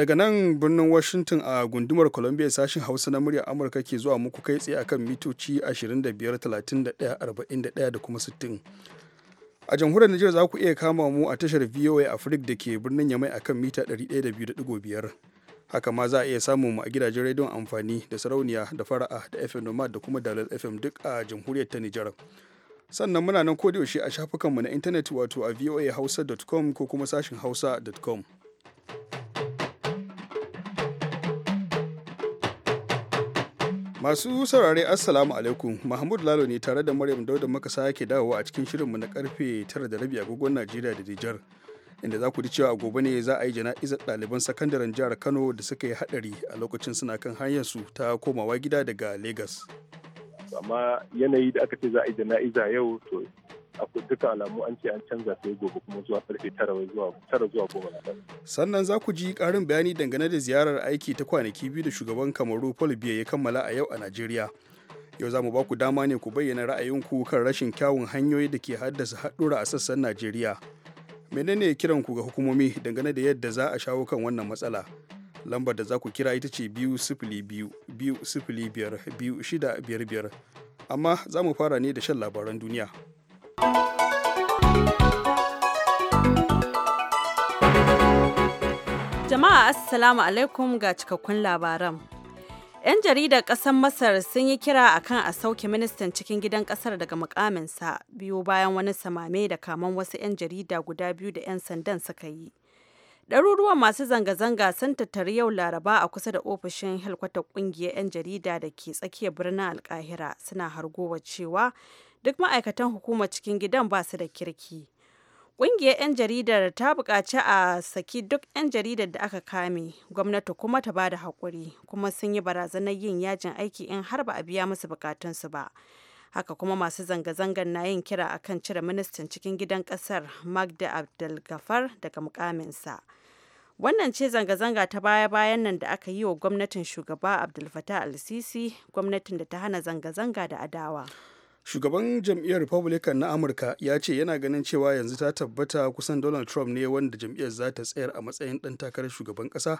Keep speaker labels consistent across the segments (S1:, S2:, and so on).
S1: daga nan birnin washington a gundumar columbia sashen hausa na murya amurka ke zuwa muku kai tsaye akan mitoci 25 31 41 da kuma 60 a jamhuriyar Nijar za ku iya kama mu a tashar VOA afirka da ke birnin Yamai akan mita 102.5. Haka ma za a iya samu mu a gidajen rediyon amfani da sarauniya da fara'a da FM Nomad da kuma Dalal FM duk a jamhuriyar ta Nijar. Sannan muna nan yaushe a shafukanmu na intanet wato a voahausa.com ko kuma sashin hausa.com. Masu saurare Assalamu alaikum Mahmud Lalo ne tare da Maryam Dauda muka sake dawowa a cikin shirinmu na karfe 9:30 agogon Najeriya da Nijar. Inda za ku ji cewa gobe ne za a yi jana'izar ɗaliban sakandaren jihar Kano da suka yi haɗari a lokacin suna kan hanyarsu ta komawa gida daga Legas.
S2: Amma yanayi da aka ce za a yi jana'iza yau to akwai duka alamu an ce an canza sai gobe kuma zuwa karfe tara zuwa tara zuwa goma na
S1: sannan za ku ji karin bayani dangane da ziyarar aiki ta kwanaki biyu da shugaban kamaru paul biya ya kammala a yau a najeriya yau za mu ba ku dama ne ku bayyana ra'ayinku kan rashin kyawun hanyoyi da ke haddasa haɗura a sassan najeriya menene kiran ku ga hukumomi dangane da yadda za a shawo kan wannan matsala lambar da za ku kira ita ce biyu sifili biyu biyu sifili biyar biyu amma za mu fara ne da shan labaran duniya
S3: Jama'a Assalamu alaikum ga cikakkun labaran. 'Yan jaridar ƙasar Masar sun yi kira akan a sauke ministan cikin gidan ƙasar daga mukaminsa biyu bayan wani samame da kaman wasu 'yan jarida guda biyu da 'yan sandan suka yi. Ɗaruruwan masu zanga-zanga sun tattari yau Laraba a kusa da ofishin helkwatar ƙungiyar 'yan jarida da ke tsakiyar birnin Alkahira suna hargowa cewa duk ma'aikatan hukumar cikin gidan ba su da kirki ƙungiyar 'yan jaridar ta buƙaci a saki duk 'yan jaridar da aka kame gwamnati kuma ta ba da haƙuri kuma sun yi barazanar yin yajin aiki in har ba a biya musu buƙatunsu ba haka kuma masu zanga-zangar na yin kira a kan cire ministan cikin gidan ƙasar magda abdulgafar daga mukaminsa wannan ce zanga-zanga ta baya-bayan nan da aka yi wa gwamnatin shugaba abdul al-sisi gwamnatin da ta hana zanga-zanga da adawa
S1: shugaban jam'iyyar republican na amurka ya ce yana ganin cewa yanzu ta tabbata kusan donald trump ne wanda jam'iyyar za ta tsayar a matsayin ɗan takarar shugaban ƙasa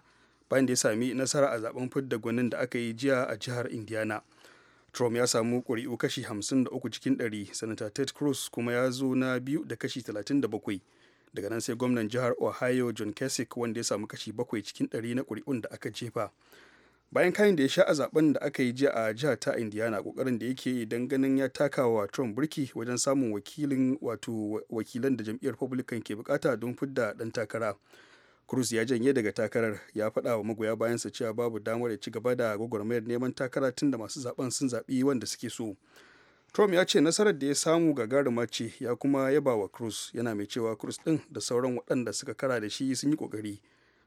S1: bayan da ya sami nasara a zaben fidda gwanin da aka yi jiya a jihar indiana trump ya samu ƙuri'u kashi 53 cikin 100 sanata ted cruz kuma ya zo na biyu da kashi 37 daga nan sai gwamnan jihar ohio john kasich wanda ya samu kashi 7 cikin 100 na ƙuri'un da aka jefa bayan kayan da ya sha a zaben da aka yi jiya a jihar ta indiana kokarin da yake yi don ganin ya taka wa trump burki wajen samun wakilin wato wakilan da jam'iyyar republican ke bukata don fidda dan takara cruz ya janye daga takarar ya faɗa wa magoya bayansa cewa babu damar ya ci gaba da gwagwarmayar neman takara tun da masu zaben sun zaɓi wanda suke so trump ya ce nasarar da ya samu gagaruma ce ya kuma yaba wa cruz yana mai cewa cruz din da sauran waɗanda suka kara da shi sun yi ƙoƙari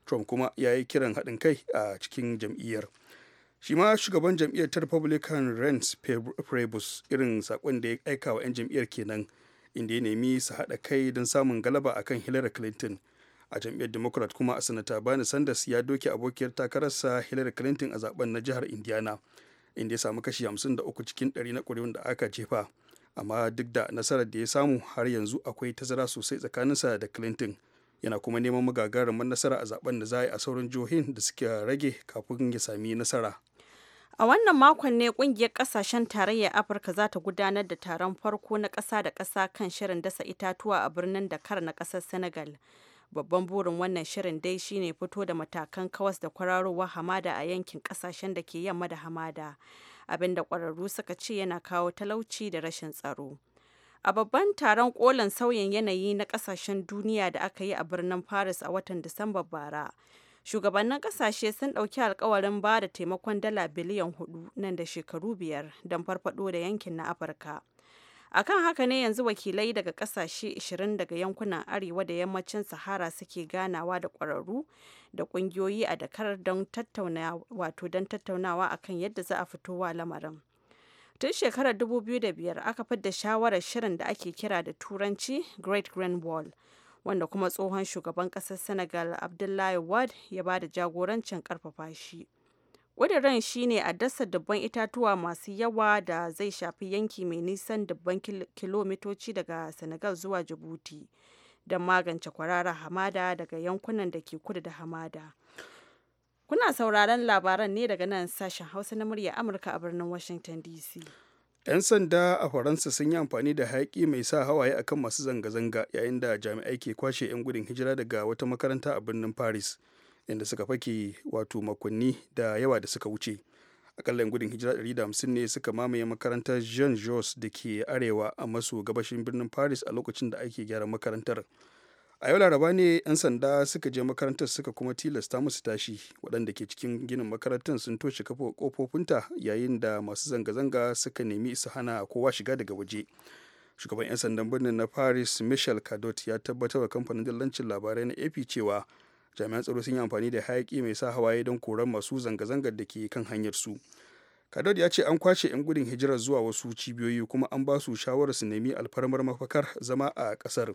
S1: trump kuma ya yi kiran haɗin kai a cikin jam'iyyar shi ma shugaban jam'iyyar ta republican rent prebus irin sakon da ya aika wa 'yan jam'iyyar kenan inda ya nemi su haɗa kai don samun galaba akan hillary clinton a jam'iyyar democrat kuma a sanata bani sanders ya doke abokiyar takararsa hillary clinton a zaben na jihar indiana inda ya samu kashi 53 cikin 100 na ƙuri'un da aka jefa amma duk da nasarar da ya samu har yanzu akwai tazara sosai tsakaninsa da clinton yana kuma neman magagarumin nasara a zaben da za a yi a sauran jihohin da suka rage kafin ya sami nasara
S3: a wannan makon ne kungiyar kasashen tarayyar afirka za ta gudanar da taron farko na ƙasa da ƙasa kan shirin dasa itatuwa a birnin dakar na ƙasar senegal babban burin wannan shirin dai shine fito da matakan kawas da kwararowar hamada a yankin kasashen da ke yamma da hamada abinda kwararru suka ce yana kawo talauci da rashin tsaro a babban taron kolan sauyin yanayi na kasashen duniya da aka yi a birnin paris a watan disamba bara shugabannin kasashe sun ɗauki alkawarin ba da taimakon dala biliyan hudu nan da shekaru biyar don farfado da yankin na afirka akan haka ne yanzu wakilai daga kasashe 20 daga yankunan arewa da yammacin sahara suke ganawa da ƙwararru da ƙungiyoyi a dakar don tattaunawa akan yadda za a wa lamarin Tun shekarar 2005 aka fidda shawarar shirin da ake kira da Turanci Great Grand Wall, wanda kuma tsohon shugaban kasar Senegal Abdullahi Wade ya ba da jagorancin ƙarfafa shi. ƙudurin shine a dasa dubban itatuwa masu yawa da zai shafi yanki mai nisan dubban kilomitoci daga Senegal zuwa jibuti don magance kwararar hamada daga yankunan da ke kudu da hamada. Kuna sauraron labaran ne daga nan sashen Hausa na murya Amurka a birnin Washington DC.
S1: 'Yan sanda a Faransa sun yi amfani da hayaƙi mai sa hawaye akan masu zanga-zanga yayin da jami'ai ke kwashe 'yan gudun hijira daga wata makaranta a birnin Paris, inda suka fake wato makonni da yawa da suka wuce. Akalla 'yan gudun hijira 150 ne suka mamaye makarantar Jean Jos da ke arewa a maso gabashin birnin Paris a lokacin da ake gyara makarantar. a yau laraba ne 'yan sanda suka je makarantar suka kuma tilasta musu tashi waɗanda ke cikin ginin makarantar sun toshe kafa kofofinta yayin da masu zanga-zanga suka nemi su hana kowa shiga daga waje shugaban 'yan sandan birnin na paris michel cadot ya tabbatar wa kamfanin dillancin labarai na ap cewa jami'an tsaro sun yi amfani da hayaki mai sa hawaye don koran masu zanga-zangar da ke kan hanyar su kadod ya ce an kwace 'yan gudun hijirar zuwa wasu cibiyoyi kuma an ba su shawarar su nemi alfarmar mafakar zama a kasar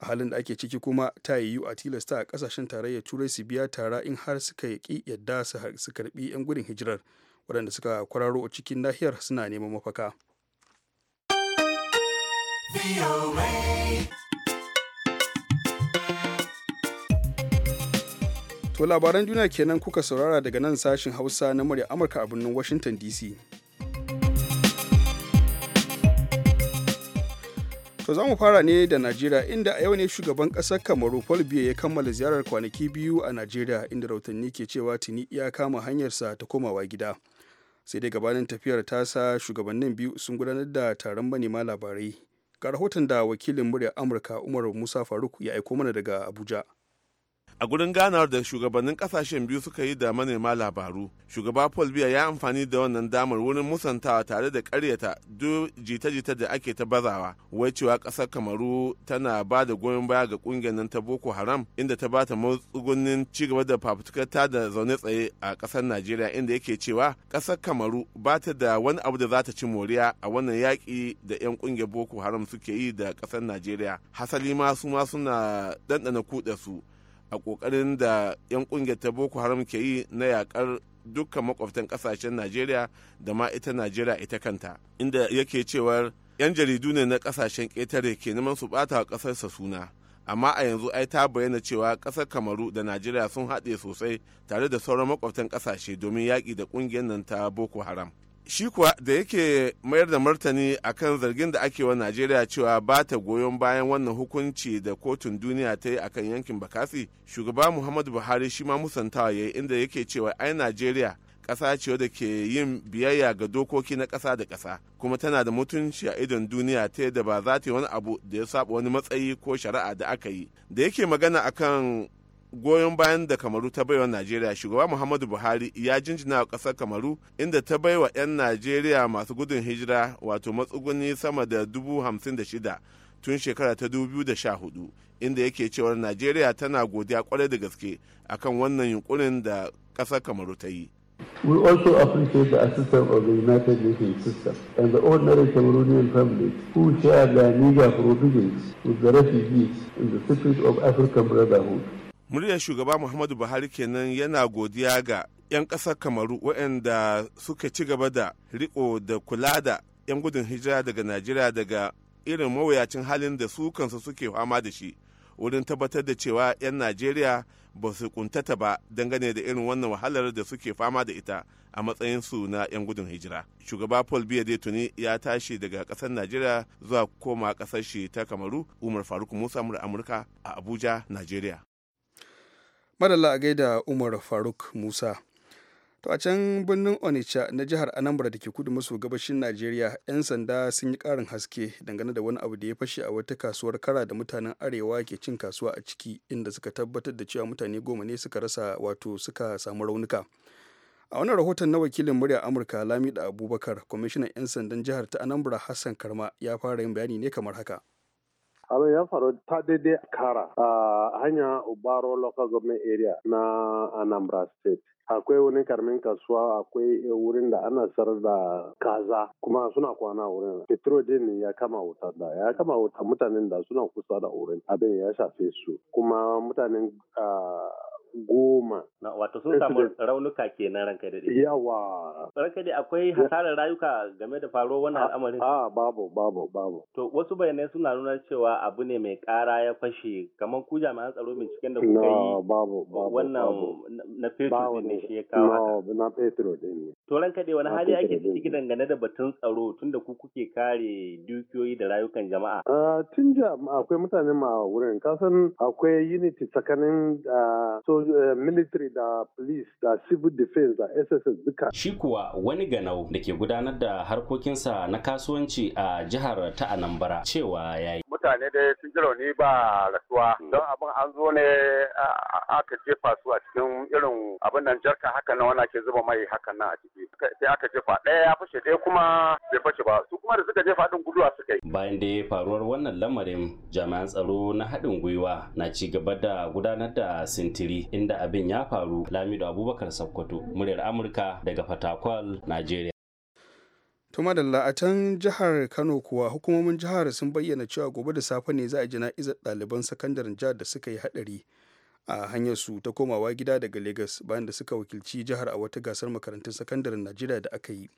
S1: a halin da ake ciki kuma ta yiwu a tilasta a kasashen tarayyar turai su biya tara in har suka ki yadda su karbi 'yan gudun hijirar waɗanda suka kwararo a cikin nahiyar suna neman mafaka To labaran duniya kenan kuka saurara daga nan sashin Hausa na murya Amurka a birnin Washington DC. To za mu fara ne da Najeriya inda a yau ne shugaban ƙasar Kamaru Paul Biya ya kammala ziyarar kwanaki biyu a Najeriya inda rautanni ke cewa tuni iya kama hanyarsa ta komawa gida. Sai dai gabanin tafiyar tasa shugabannin biyu sun gudanar da taron manema labarai. Ga rahoton da wakilin muryar Amurka Umar Musa Faruk ya aiko mana daga Abuja.
S4: a gurin ganawar da shugabannin kasashen biyu suka yi da manema labaru shugaba paul biya ya amfani da wannan damar wurin musantawa tare da karyata duk jita-jita da ake ta bazawa wai cewa kasar kamaru tana ba da goyon baya ga kungiyar nan ta boko haram inda ta ba ta matsugunnin gaba da fafutukar da zaune tsaye a kasar najeriya inda yake cewa kasar kamaru ba ta da wani abu da za ta ci moriya a wannan yaƙi da 'yan kungiyar boko haram suke yi da kasar najeriya hasali ma su ma suna ɗanɗana kuɗe su a kokarin da 'yan kungiyar ta boko haram ke yi na yakar dukkan makwabtan kasashen najeriya da ma ita najeriya ita kanta inda yake cewar 'yan jaridu ne na kasashen ƙetare ke neman su ɓata wa ƙasarsa suna amma a yanzu ai ta bayyana cewa ƙasar kamaru da najeriya sun haɗe sosai tare da sauran makwabtan ƙasashe domin yaƙi da ƙungiyar nan ta boko haram shi kuwa da yake mayar da martani akan zargin da ake wa najeriya cewa ba ta goyon bayan wannan hukunci da kotun duniya ta yi akan yankin bakasi shugaba muhammadu buhari shi ma musantawa ya yi inda yake cewa ai najeriya ƙasa ce da ke yin biyayya ga dokoki na ƙasa da ƙasa kuma tana da mutunci a idon duniya ta yadda ba za ta yi wani abu da ya saba wani matsayi ko shari'a da aka yi da yake magana akan goyon bayan da kamaru ta baiwa najeriya shugaba muhammadu buhari ya jinjina a ƙasar kamaru inda ta baiwa 'yan najeriya masu gudun hijira wato matsuguni sama da dubu hamsin da shida tun shekara ta dubu da sha hudu inda yake cewar najeriya tana godiya kwarai da gaske akan wannan yunkurin da ƙasar kamaru ta yi
S1: We also appreciate the assistance of the United Nations system and the ordinary Cameroonian families who share their meager provisions with the refugees in the spirit of African brotherhood.
S4: muryar shugaba muhammadu buhari kenan yana godiya ga 'yan ƙasar kamaru waɗanda suka ci gaba da riko da kula da 'yan gudun hijira daga najeriya daga irin mawuyacin halin da su kansu suke fama da shi wurin tabbatar da cewa 'yan najeriya ba su kuntata ba dangane da irin wannan wahalar da suke fama da ita a matsayin su na 'yan gudun hijira shugaba paul biya tuni ya tashi daga kasar najeriya zuwa koma kasar shi ta kamaru umar faruk musa amurka a abuja najeriya
S1: madalla a gaida umar faruk musa to a can birnin onitsha na jihar anambra da ke kudu maso gabashin najeriya 'yan sanda sun yi karin haske dangane da wani abu da ya fashe a wata kasuwar kara da mutanen arewa ke cin kasuwa a ciki inda suka tabbatar da cewa mutane goma ne suka rasa wato suka samu raunuka a wannan rahoton na wakilin murya amurka lamida abubakar kwamishinan 'yan sandan jihar ta anambra hassan karma ya fara yin bayani ne kamar haka
S2: abin ya faru ta daidai kara a hanya ubaro local government area na anambra state akwai wani karmin kasuwa akwai wurin da ana sayar da kaza kuma suna kwana wurin petro din ya kama wuta da ya kama wuta mutanen da suna kusa da wurin abin ya shafe su kuma mutanen goma. Wato sun samu raunuka kenan ranka da Yawa. Ranka da akwai hasarar rayuka game da faro wannan ah, al'amarin? Ah babu babu babu. To wasu bayanai suna nuna cewa abu ne mai kara ya fashe kamar ku jami'an tsaro binciken da kuka yi. Babu babu. Wannan na fetur ne shi ya kawo haka. Na fetur ne. to ran kaɗe wani hali ake ciki dangane da batun tsaro tunda ku kuke kare dukiyoyi da rayukan jama'a tun da akwai mutane ma wurin kasan akwai unity tsakanin so military da police da civil defense da sss duka
S5: shi kuwa wani ganau da ke gudanar da harkokinsa na kasuwanci a jihar ta anambra cewa yayi
S2: mutane da sun ji rauni ba rasuwa hmm. don abin an zo ne aka jefa su a cikin irin abin nan jarka haka na wani ake zuba mai haka nan a ciki sai aka jefa ɗaya ya fashe ɗaya kuma bai fashe ba su kuma da suka jefa ɗin guduwa suka yi.
S5: bayan da faruwar wannan lamarin jami'an tsaro na haɗin gwiwa na ci gaba da gudanar da sintiri inda abin ya faru lamido abubakar sakkwato muryar amurka daga fatakwal najeriya.
S1: To madalla a can jihar Kano kuwa hukumomin jihar sun bayyana cewa gobe da safe ne za a jana'izar ɗaliban sakandaren jihar da suka yi haɗari a hanyar su ta komawa gida daga Legas bayan da suka wakilci jihar a wata gasar makarantun sakandaren Najeriya da aka yi.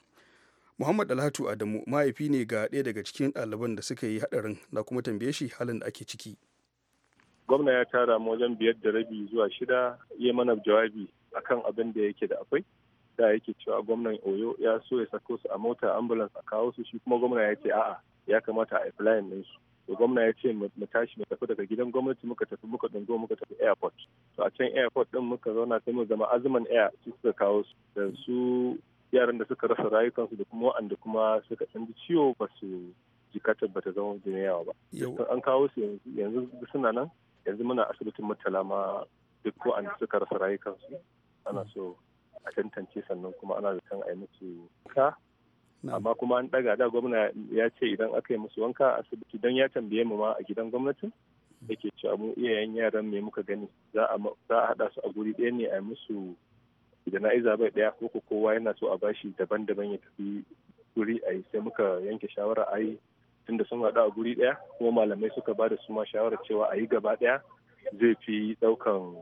S1: Muhammad Alhatu Adamu mahaifi ne ga ɗaya daga cikin ɗaliban da suka yi haɗarin na kuma tambaye shi halin da ake ciki.
S2: Gwamna ya tara mu wajen biyar da rabi zuwa shida ya mana jawabi akan abin da yake da akwai da yake cewa gwamnan oyo ya so ya sako su a mota ambulance a kawo su shi kuma gwamna ya ce a'a ya kamata a applying din su to gwamna ya ce mu tashi mu tafi daga gidan gwamnati muka tafi muka dungo muka tafi airport to a can airport din muka zauna sai mu zama azuman air su suka kawo su da su yaran da suka rasa rayukansu da kuma wa'anda kuma suka canji ciwo ba su jikata ba ta zama jini ba an kawo su yanzu suna nan yanzu muna asibitin mutala ma duk wa'anda suka rasa rayukansu ana so a tantance sannan kuma ana zaton a yi musu wanka amma kuma an ɗaga da gwamna ya ce idan aka yi musu wanka a asibiti don ya tambaye mu ma a gidan gwamnatin da ke cewa mu iyayen yaran me muka gani za a haɗa su a guri ɗaya ne a yi musu jana'iza bai daya ko kowa yana so a bashi daban-daban ya tafi guri a yi sai muka yanke shawara a yi tunda sun haɗu a guri daya kuma malamai suka ba da su ma shawarar cewa a yi gaba ɗaya zai fi ɗaukan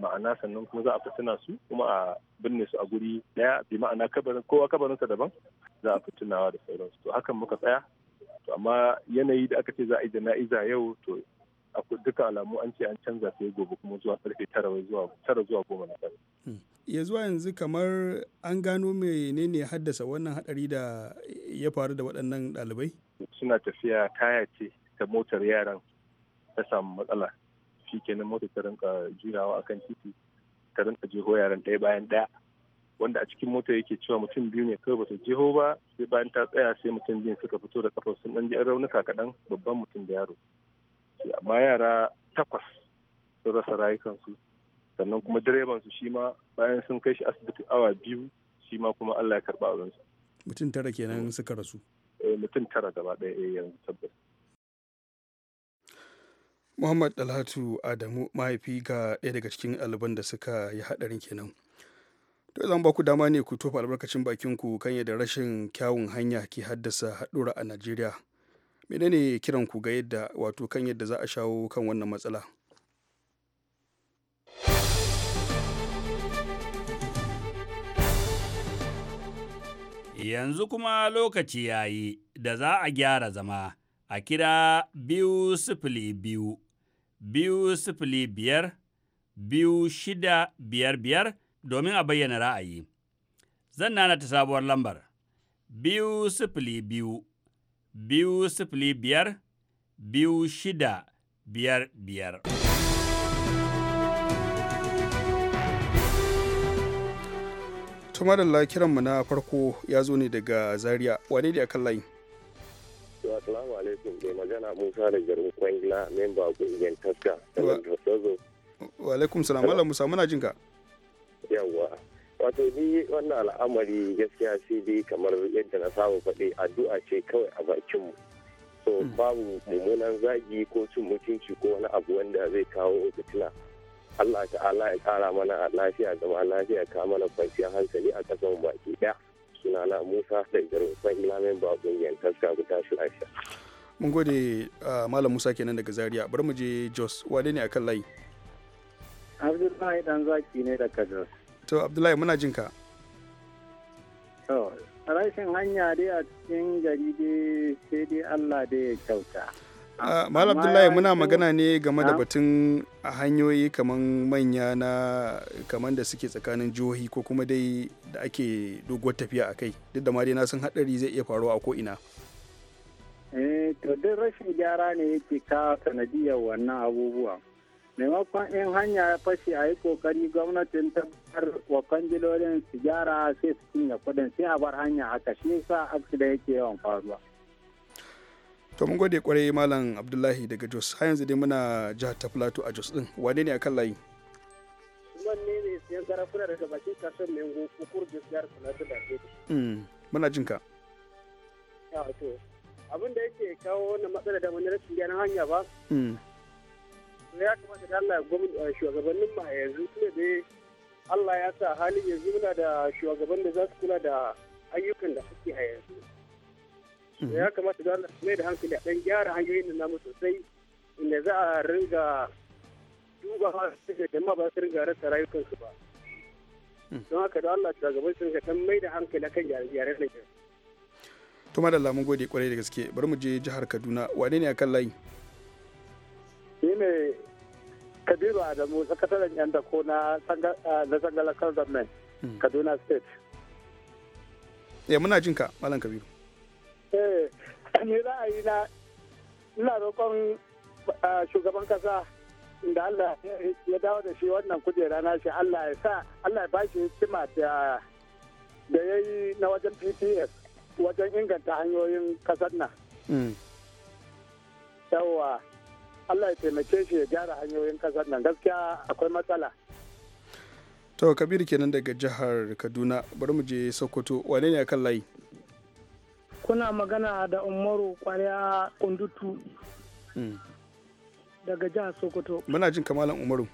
S2: ma'ana sannan kuma za a fitina su kuma a binne su a guri daya bi ma'ana kabarin kowa kabarinsa daban za a fitinawa da sauransu to hakan muka tsaya to amma yanayi da aka ce za a yi jana'iza yau to duka alamu an ce an canza sai gobe kuma zuwa karfe tara zuwa tara zuwa goma na dare.
S1: Hmm. ya zuwa yanzu kamar an gano menene haddasa wannan hadari da ya faru da waɗannan ɗalibai.
S2: suna tafiya kaya ce ta motar yaran ta samu matsala kenan mota ta rinka a akan titi ta rinka jeho yaran ɗaya bayan ɗaya wanda a cikin mota yake cewa mutum biyu ne kawai bata jeho ba sai bayan ta tsaya sai mutum biyu suka fito da kafar sun ɗan jiyar raunuka kaɗan babban mutum da yaro amma yara takwas sun rasa rayukansu sannan kuma direban su shi ma bayan sun kai shi asibiti awa biyu shi ma kuma Allah ya karba aurensu
S1: mutum tara kenan eh, suka rasu
S2: eh, mutum tara gaba ɗaya eh, yanzu tabbas
S1: muhammad Dalatu adamu mahaifi ga ɗaya daga cikin ɗaliban da suka yi haɗarin kenan to zan ba ku dama ne ku tofa albarkacin bakin ku kan yadda rashin kyawun hanya ke haddasa haɗura a najeriya menene kiran ku ga yadda wato kan yadda za a shawo kan wannan matsala yanzu kuma lokaci ya yi da za a gyara zama a kira biyu sifili biyu biyu sifili biyar biyu shida biyar biyar domin a bayyana ra'ayi. Zan nana ta sabuwar lambar biyu sifili biyu biyu sifili biyar biyu shida biyar biyar. Tumadalla kiranmu na farko ya zo ne daga Zaria, wane da akan layi?
S4: Assalamu
S2: alaikum mai magana Musa da garin Kwangila memba kungiyar Taska.
S1: Wa alaikum salam Allah Musa muna jinka.
S2: Yawwa. Wato ni wannan al'amari gaskiya sai dai kamar yadda na samu faɗi addu'a ce kawai a bakinmu. So hmm. babu mummunan zagi ko cin mutunci ko wani abu wanda zai kawo fitina. Allah ta'ala ya kara mana lafiya zama lafiya ka mana kwanciyar hankali a kasan baki ɗaya sunana musa da garin ba kun yan taska ku tashi aisha
S1: mun gode uh, malam musa kenan daga zaria bar mu je jos wale ne akan layi
S2: abdullahi dan zaki ne daga jos
S1: to abdullahi muna jin ka to
S2: rashin hanya dai a cikin gari dai sai dai allah dai
S1: ya kyauta Ah, ah, Malam Abdullahi muna magana ne game da batun hanyoyi kamar manya na kamar da suke tsakanin jihohi ko kuma dai da ake doguwar tafiya a kai duk da ma na sun haɗari zai iya faruwa a ko'ina.
S2: Eh, to duk rashin gyara ne yake kawo sanadiyar wannan abubuwa. Maimakon in hanya ya fashe a yi kokari gwamnatin tabbatar wa kwangilolin su gyara sai su cinye kudin sai a bar hanya haka shi yasa aksida yake yawan faruwa.
S1: to mun gode kwarai malam abdullahi daga jos har yanzu dai muna jihar ta plateau a jos din wane ne akan layi
S2: wanne ne siyan garafuna daga bakin kasuwar mengo kukur da plateau da ke
S1: hmm, muna jin ka
S2: abin da yake kawo wannan matsala da wani rashin gyaran hanya ba hmm. ya kamata da Allah gwamnati eh, shugabannin ma yanzu tunda dai Allah ya sa halin yanzu muna da shugaban da za su kula da ayyukan da suke a yanzu Mm-hmm. ya kamata da Allah mai da hankali a dan gyara hanyoyin da namu sosai inda za a ringa duba da jama'a ba su ringa rasa rayukansu ba mm. don haka da Allah shugaban sun dan mai da hankali kan gyare-gyaren nan
S1: to madalla mun gode kwarai da gaske bari mu je jihar Kaduna wane ne akan layi
S2: ni ne Kabiru Adamu sakataren yan dako na na sangalakar government mm. Kaduna state
S1: ya muna jinka malam Kabiru
S2: eh ni ra'ayi na ina roƙon shugaban kasa da Allah ya dawo da shi wannan kujera na shi Allah ya sa Allah ya ba shi hikima da ya yi na wajen pts wajen inganta hanyoyin kasar nan. Mm. Yawwa Allah ya taimake shi ya gyara hanyoyin kasar nan gaskiya
S5: akwai matsala.
S1: To Kabir kenan daga jihar Kaduna bari mu je Sokoto wane ne akan layi?
S5: kuna magana da umaru kwarya kundutu hmm. daga jihar sokoto
S1: muna jin kamalan umaru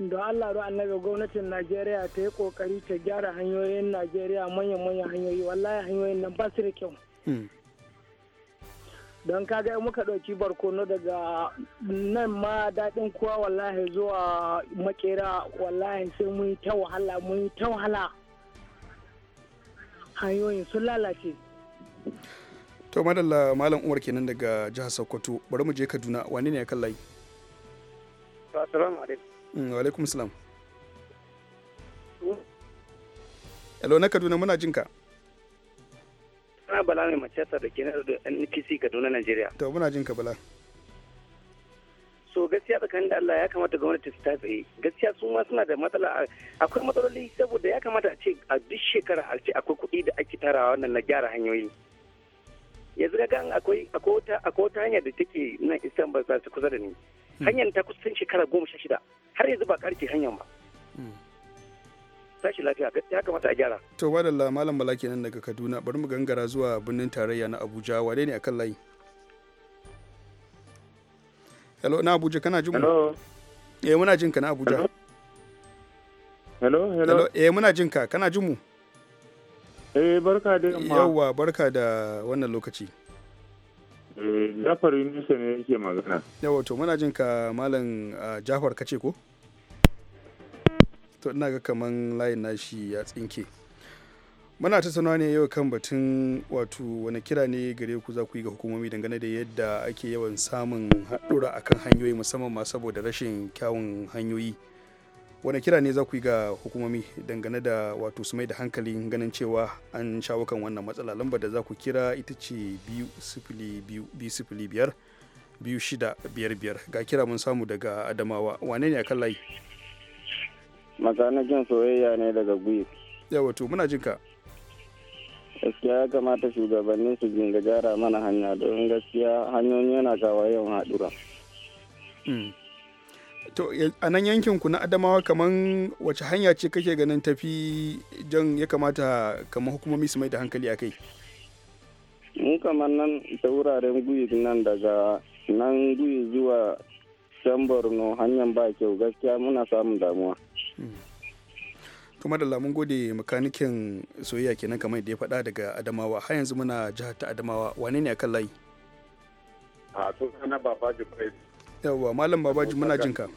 S5: da allah da annabi gwamnatin najeriya ta yi kokari ta gyara hanyoyin najeriya manyan-manyan hanyoyi wallahi hanyoyin nan ba su da kyau hmm. don kaga muka ɗauki barkono daga nan ma daɗin kuwa wallahi zuwa makera wallahi sai mun yi ta wahala mun yi ta wahala hanyoyin sun lalace
S1: to madalla malam umar kenan daga jihar sokoto bari mu je kaduna wani ne ya kalla layi
S2: assalamu alaikum
S1: mm, alaikum salam hello na kaduna muna jinka
S2: Ana bala mai mace da ke na npc kaduna nigeria
S1: to muna jinka bala
S2: gaskiya tsakanin da Allah ya kamata gwamnati su ta tsaye gaskiya su ma suna da matsala akwai matsaloli saboda ya kamata a ce a duk shekara a ce akwai kuɗi da ake tarawa wannan na gyara hanyoyi yanzu ga gan akwai akwai wata hanya da take nan Istanbul za su kusa da ni hmm. hanyar ta kusan shekara goma sha shida har yanzu ba karke hanyar ba hmm. tashi lafiya ya kamata a gyara
S1: to wadalla malam malaki nan daga Kaduna bari mu gangara zuwa birnin tarayya na Abuja wane ne akan layi hello na abuja kana jin hello eh muna jin ka na abuja
S2: hello hello
S1: eh muna jin ka kana jin mu eh barka da amma yawa barka da wannan lokaci
S2: eh, Jafar Yunusa ne yake magana.
S1: Yawa to muna jin ka malam ah, Jafar kace ko? To ina ga kaman layin nashi ya tsinke. muna ta sanuwa ne yau kan batun wato wani kira ne gare ku za ku yi ga hukumomi dangane da yadda ake yawan samun haɗura kan hanyoyi musamman ma saboda rashin kyawun hanyoyi wani kira ne za ku yi ga hukumomi dangane da wato su mai da hankalin ganin cewa an shawo kan wannan matsala lambar da za ku kira ita ce biyu biyu biyu shida biyar biyar ga kira mun samu daga adamawa wane ne a kan layi
S2: masanakin soyayya ne daga gwi
S1: yawa to muna jinka ka
S2: gaskiya ya kamata shugabannin su dinga gyara mana hanya don gaskiya hanyoyi yana kawo yawan haɗura.
S1: Hmm. to a nan yankin ku na adamawa kamar wace hanya ce kake ganin tafi jan ya kamata kamar hukumomi su mai da hankali a kai
S5: mu kamar
S2: nan ta wuraren guyi nan daga nan guyi zuwa can borno hanyar ba kyau gaskiya muna samun damuwa
S1: hmm. kuma da lamun gode makanikin soyayya kenan kamar da ya faɗa daga adamawa har yanzu muna jihar ta adamawa wane ne akan layi
S2: a sunana babaji bai
S1: yawwa malam babaji muna jin ka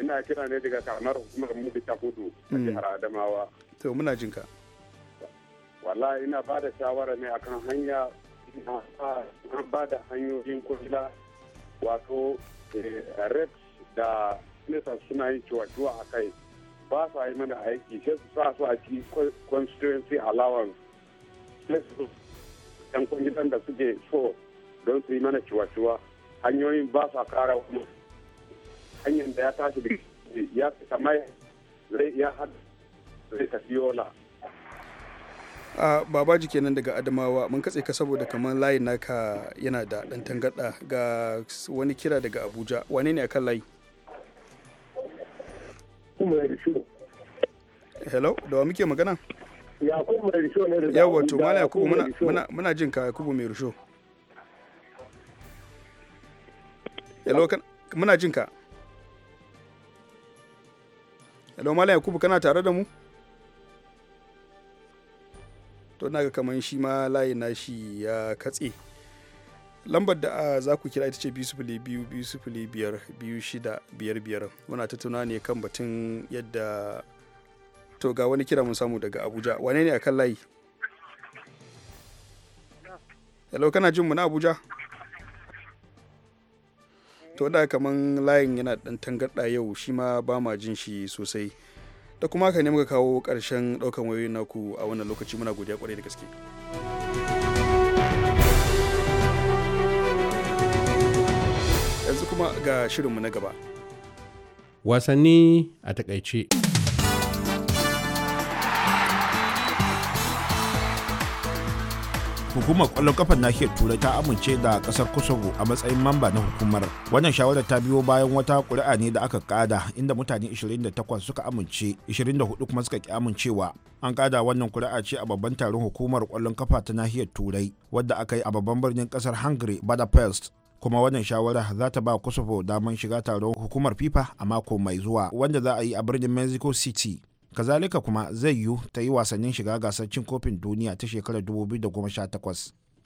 S2: ina kira ne daga kamar hukumar mu ta kudu a mm. jihar adamawa
S1: to muna jin ka
S2: wallahi ina ba da shawara ne akan hanya an ba da hanyoyin kula wato eh, rex da ministan suna yin ciwa a kai ba su yi mana aiki sai su sa su a cikin constituency allowance sai su yan kungilan da suke so don su yi mana ciwa-ciwa hanyoyin ba sa kara kuma hanyar da ya tashi da ya fi kama zai ya hada zai tafi yola
S1: a babaji kenan daga adamawa mun katse ka saboda kamar layin naka yana da ɗan tangada ga wani kira daga abuja wane ne akan layi hello da wa muke magana
S2: yakubu mai risho ne da yawa to mala yakubu muna
S1: muna jin ka yakubu mai risho hello kan muna jin ka hello mala yakubu kana tare da mu to na ga kaman shi ma layi na shi ya katse lambar da a ah, za ku kira ita ce biyu sifili biyu biyu sifili biyar biyu shida biyar biyar muna tattuna ne kan batun yadda to ga wani kira mun samu daga abuja wane ne a kan layi hello kana jin mu na abuja to da kaman layin yana dan tangarda yau shi ma ba ma jin shi sosai da kuma ka ne muka kawo karshen daukan wayoyin naku a wannan lokaci muna godiya kwarai da gaske kuma ga shirinmu na gaba. Wasanni a takaice.
S6: hukumar kwallon kafar nahiyar turai ta amince da kasar kosovo a matsayin mamba na hukumar wannan shawarar ta biyo bayan wata ƙuri'a ne da aka kada inda mutane 28 suka amince 24 kuma suka ki amincewa an kada wannan ƙuri'a ce a babban taron hukumar kwallon kafa ta nahiyar turai wadda aka yi a babban birnin kasar hungary budapest kuma wannan shawara za ta ba kosovo damar shiga taron hukumar fifa a mako mai zuwa wanda za a yi a birnin mexico city kazalika kuma zai yiwu ta yi wasannin shiga gasar cin kofin duniya ta shekarar 2018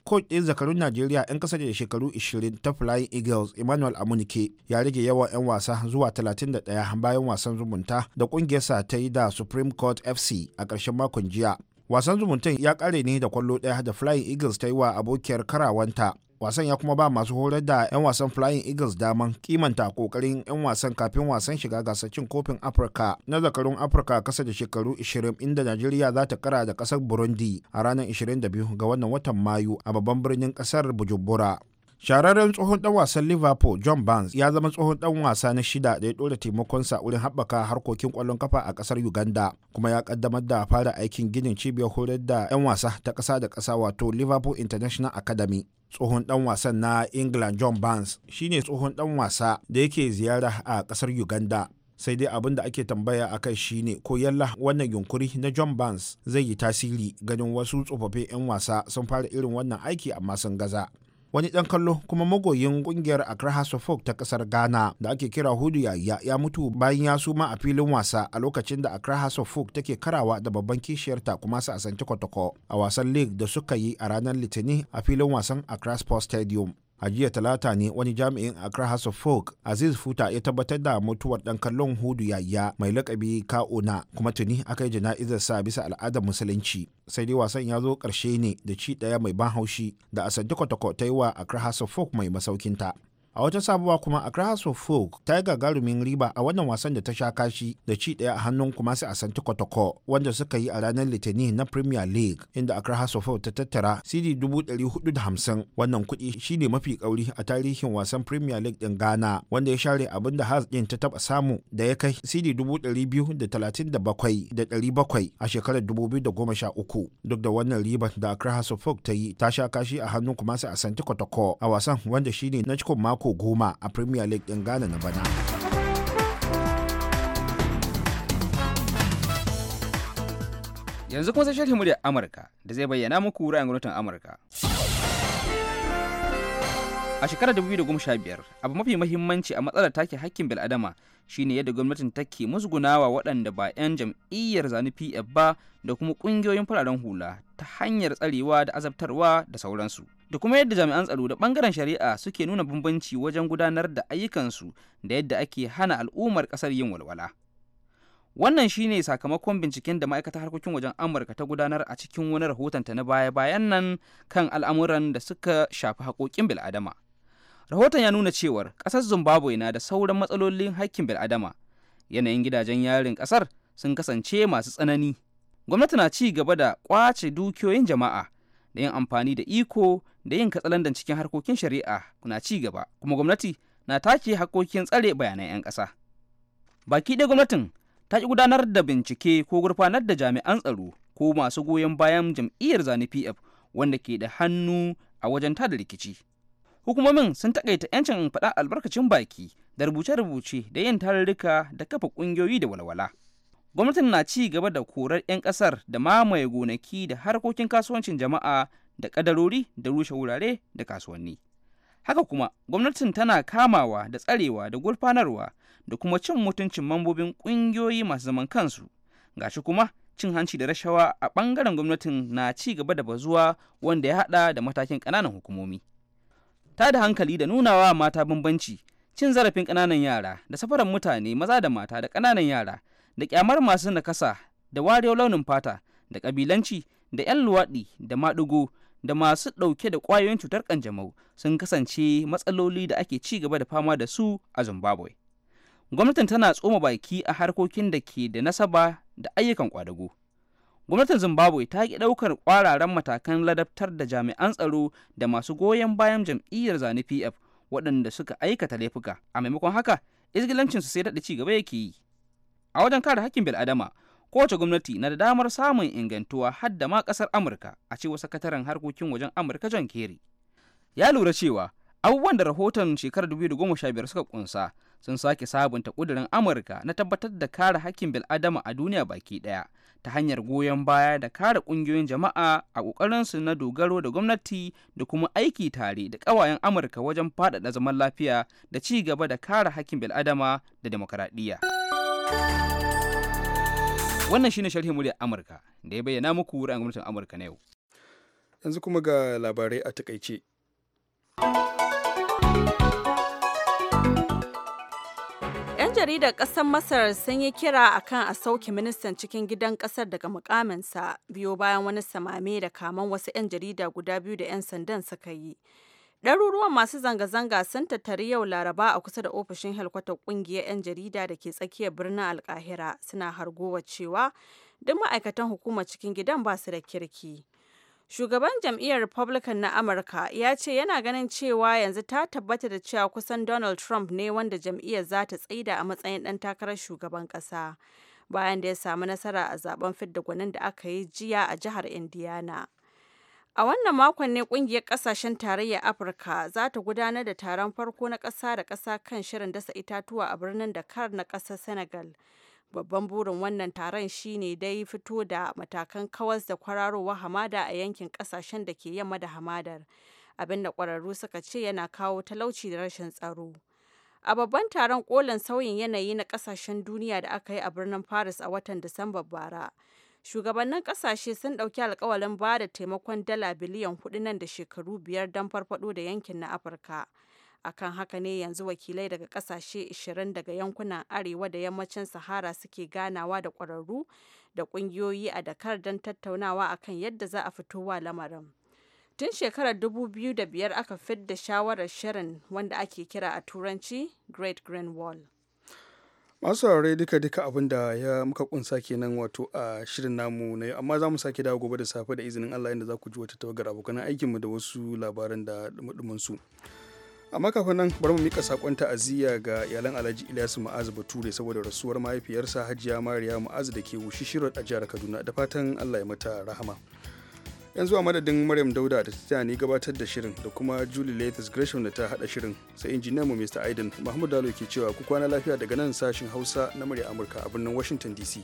S6: coach ɗin zakarun najeriya 'yan kasa da shekaru 20 ta flying eagles emmanuel amunike ya rage yawan 'yan wasa zuwa 31 bayan wasan zumunta da ƙungiyarsa ta yi da supreme court fc a ƙarshen makon jiya wasan zumuntan ya ƙare ne da kwallo ɗaya da flying eagles ta yi wa abokiyar karawanta wasan ya kuma ba masu horar da 'yan wasan flying eagles daman kimanta kokarin 'yan wasan kafin wasan shiga gasar cin kofin afirka na zakarun afirka kasa da shekaru 20 inda najeriya za ta kara da kasar burundi a ranar 22 ga wannan watan mayu a babban birnin kasar bujumbura shararren tsohon dan wasan liverpool john barnes ya zama tsohon dan wasa na shida da ya dora taimakonsa wurin haɓaka harkokin ƙwallon kafa a ƙasar uganda kuma ya ƙaddamar da fara aikin ginin cibiyar horar da 'yan wasa ta ƙasa da ƙasa wato liverpool international academy tsohon dan wasan na england john barnes shine tsohon dan wasa da yake ziyara a ƙasar uganda sai dai abin da ake tambaya a kai shine ko yalla wannan yunkuri na john barnes zai yi tasiri ganin wasu tsofaffin 'yan wasa sun fara irin wannan aiki amma sun gaza wani ɗan kallo kuma magoyin ƙungiyar Accra House of Folk ta ƙasar Ghana da ake kira Hudu Yaya ya mutu bayan ya suma a filin wasa a lokacin da Accra House of Folk take karawa da babban kishiyar ta kuma su asanci kwatako a wasan league da suka yi a ranar Litinin a filin wasan Accra Sports Stadium. a jiya talata ne wani jami'in a house of folk aziz futa ya tabbatar da mutuwar dan kallon hudu yayya mai lakabi ka'ona kuma tuni aka yi jana'izar sa bisa al'adar musulunci sai dai wasan ya zo karshe ne da ci daya mai ban haushi da asaddi kwatakwata yi wa a house of folk mai masaukinta a wata sabuwa kuma a grass of Folk ta yi gagarumin riba a wannan wasan da ta sha kashi da ci daya a hannun kuma sai a Santi Kotoko wanda suka yi a ranar Litinin na Premier League inda a grass of Folk ta tattara CD 450 wannan kuɗi shine mafi kauri a tarihin wasan Premier League din Ghana wanda ya share abin da Hearts din ta taba samu da ya kai CD 237,700 a shekarar 2013 duk da wannan riba da a grass of Folk ta yi ta sha kashi a hannun kuma sai a Santi Kotoko a wasan wanda shine na cikin mako mako goma a premier league ɗin ghana
S5: na bana yanzu kuma sai shirin muryar amurka da zai bayyana muku ra'ayin gwamnatin amurka a shekarar 2015 abu mafi mahimmanci a matsalar take hakkin bil'adama shine yadda gwamnatin take musgunawa waɗanda ba 'yan jam'iyyar zanu pf ba da kuma ƙungiyoyin fararen hula ta hanyar tsarewa da azabtarwa da sauransu da kuma yadda jami'an tsaro da ɓangaren shari'a suke nuna bambanci wajen gudanar da ayyukansu da yadda ake hana al'ummar ƙasar yin walwala wannan shine sakamakon binciken da ma'aikatar harkokin wajen amurka ta gudanar a cikin wani rahotonta na baya-bayan nan kan al'amuran da suka shafi haƙoƙin bil'adama rahoton ya nuna cewar ƙasar zimbabwe na da sauran matsalolin haƙƙin bil'adama yanayin gidajen yarin ƙasar sun kasance masu tsanani gwamnati na ci gaba da ƙwace dukiyoyin jama'a da yin amfani da iko da yin katsalandan cikin harkokin shari'a na ci gaba kuma gwamnati na take hakokin tsare bayanan 'yan ƙasa baki ɗaya gwamnatin ta ki gudanar da bincike ko gurfanar da jami'an tsaro ko masu goyon bayan jam'iyyar zane pf wanda ke da hannu a wajen tada rikici hukumomin sun takaita 'yancin faɗa albarkacin baki da rubuce-rubuce da yin tarurruka da kafa ƙungiyoyi da walwala gwamnatin na ci gaba da korar 'yan ƙasar da mamaye gonaki da harkokin kasuwancin jama'a da ƙadarori da rushe wurare da kasuwanni haka kuma gwamnatin tana kamawa da tsarewa da gurfanarwa da kuma cin mutuncin mambobin ƙungiyoyi masu zaman kansu gashi kuma cin hanci da rashawa a ɓangaren gwamnatin na ci gaba da bazuwa wanda ya haɗa da matakin ƙananan hukumomi ta da hankali da nunawa mata bambanci cin zarafin ƙananan yara da safaran mutane maza da mata da ƙananan yara da kyamar masu nakasa da wariyar launin fata da ƙabilanci da 'yan luwaɗi da maɗigo da masu ɗauke da ƙwayoyin cutar ƙanjamau sun kasance matsaloli da ake ci gaba da fama da su a zimbabwe gwamnatin tana tsoma baki a harkokin da ke da nasaba da ayyukan ƙwadago. gwamnatin zimbabwe ta ki ɗaukar ƙwararan matakan ladabtar da jami'an tsaro da masu goyon bayan jam'iyyar zane pf waɗanda suka aikata laifuka a maimakon haka su sai daɗa ci gaba yake yi a wajen kare hakkin bil'adama kowace gwamnati na da damar samun ingantuwa har da ma ƙasar amurka a cewa sakataren harkokin wajen amurka john kerry ya lura cewa abubuwan da rahoton shekarar 2015 suka kunsa sun sake sabunta ƙudurin amurka na tabbatar da kare hakkin bil'adama a duniya baki ɗaya ta hanyar goyon baya da kare ƙungiyoyin jama'a a ƙoƙarinsu na dogaro da gwamnati da kuma aiki tare da ƙawayen Amurka wajen faɗaɗa zaman lafiya da ci gaba da kare hakkin bil'adama da demokaradiyya. Wannan shine sharhin muryar Amurka da ya bayyana muku wurin gwamnatin Amurka na yau. Yanzu kuma ga labarai a takaice.
S3: jaridar ƙasar Masar sun yi kira akan a sauke ministan cikin gidan ƙasar daga mukaminsa biyo bayan wani samame da kaman wasu 'yan jarida guda biyu da 'yan sandan suka yi. Ɗaruruwan masu zanga-zanga sun tattari yau Laraba a kusa da ofishin helkwatar ƙungiyar 'yan jarida da ke tsakiyar birnin Alkahira suna hargowa cewa duk ma'aikatan hukumar cikin gidan ba su da kirki. Shugaban jam'iyyar Republican na Amurka ya ce yana ganin cewa yanzu ta tabbata da cewa kusan Donald Trump ne wanda jam'iyyar za ta tsaida a matsayin ɗan takarar shugaban ƙasa bayan da ya samu nasara a zaben fidda gwanin da aka yi jiya a jihar Indiana. A wannan makon ne ƙungiyar ƙasashen tarayyar Afirka za ta gudanar da taron farko na ƙasa da ƙasa kan shirin dasa itatuwa a birnin Dakar na ƙasar Senegal Babban burin wannan taron shine dai fito da matakan kawas da kwararowar hamada a yankin kasashen da ke yamma da hamadar, abin abinda kwararru suka ce yana kawo talauci da rashin tsaro. A babban taron kolin sauyin yanayi na kasashen duniya da aka yi a birnin Paris a watan disamba bara, shugabannin kasashe sun ɗauki alkawalin ba da taimakon dala biliyan hudu nan da shekaru biyar don farfado da yankin na Afirka. akan haka ne yanzu wakilai daga kasashe 20 daga yankunan arewa da yammacin sahara suke ganawa da kwararru da kungiyoyi a dakar don tattaunawa akan yadda za a fito wa lamarin tun shekarar 2005 aka fidda shawarar shirin wanda ake kira a turanci great green wall
S1: masu saurare duka duka abin da ya muka kunsa kenan wato a shirin namu na yau amma za mu sake dawo gobe da safe da izinin allah inda za ku ji wata tawagar abokan aikinmu da wasu labaran da dumudumin a kafin nan bari mu mika sakon ta'aziyya ga iyalan alhaji ilyasu ma'azu bature saboda rasuwar mahaifiyarsa hajiya mariya ma'azu da ke wushishirar a jihar kaduna da fatan allah ya mata rahama yanzu a madadin maryam dauda da ta ne gabatar da shirin da kuma julie latest gresham da ta hada shirin sai injiniyan mu mr aidan mahmud dalo ke cewa ku kwana lafiya daga nan sashin hausa na murya amurka a birnin washington dc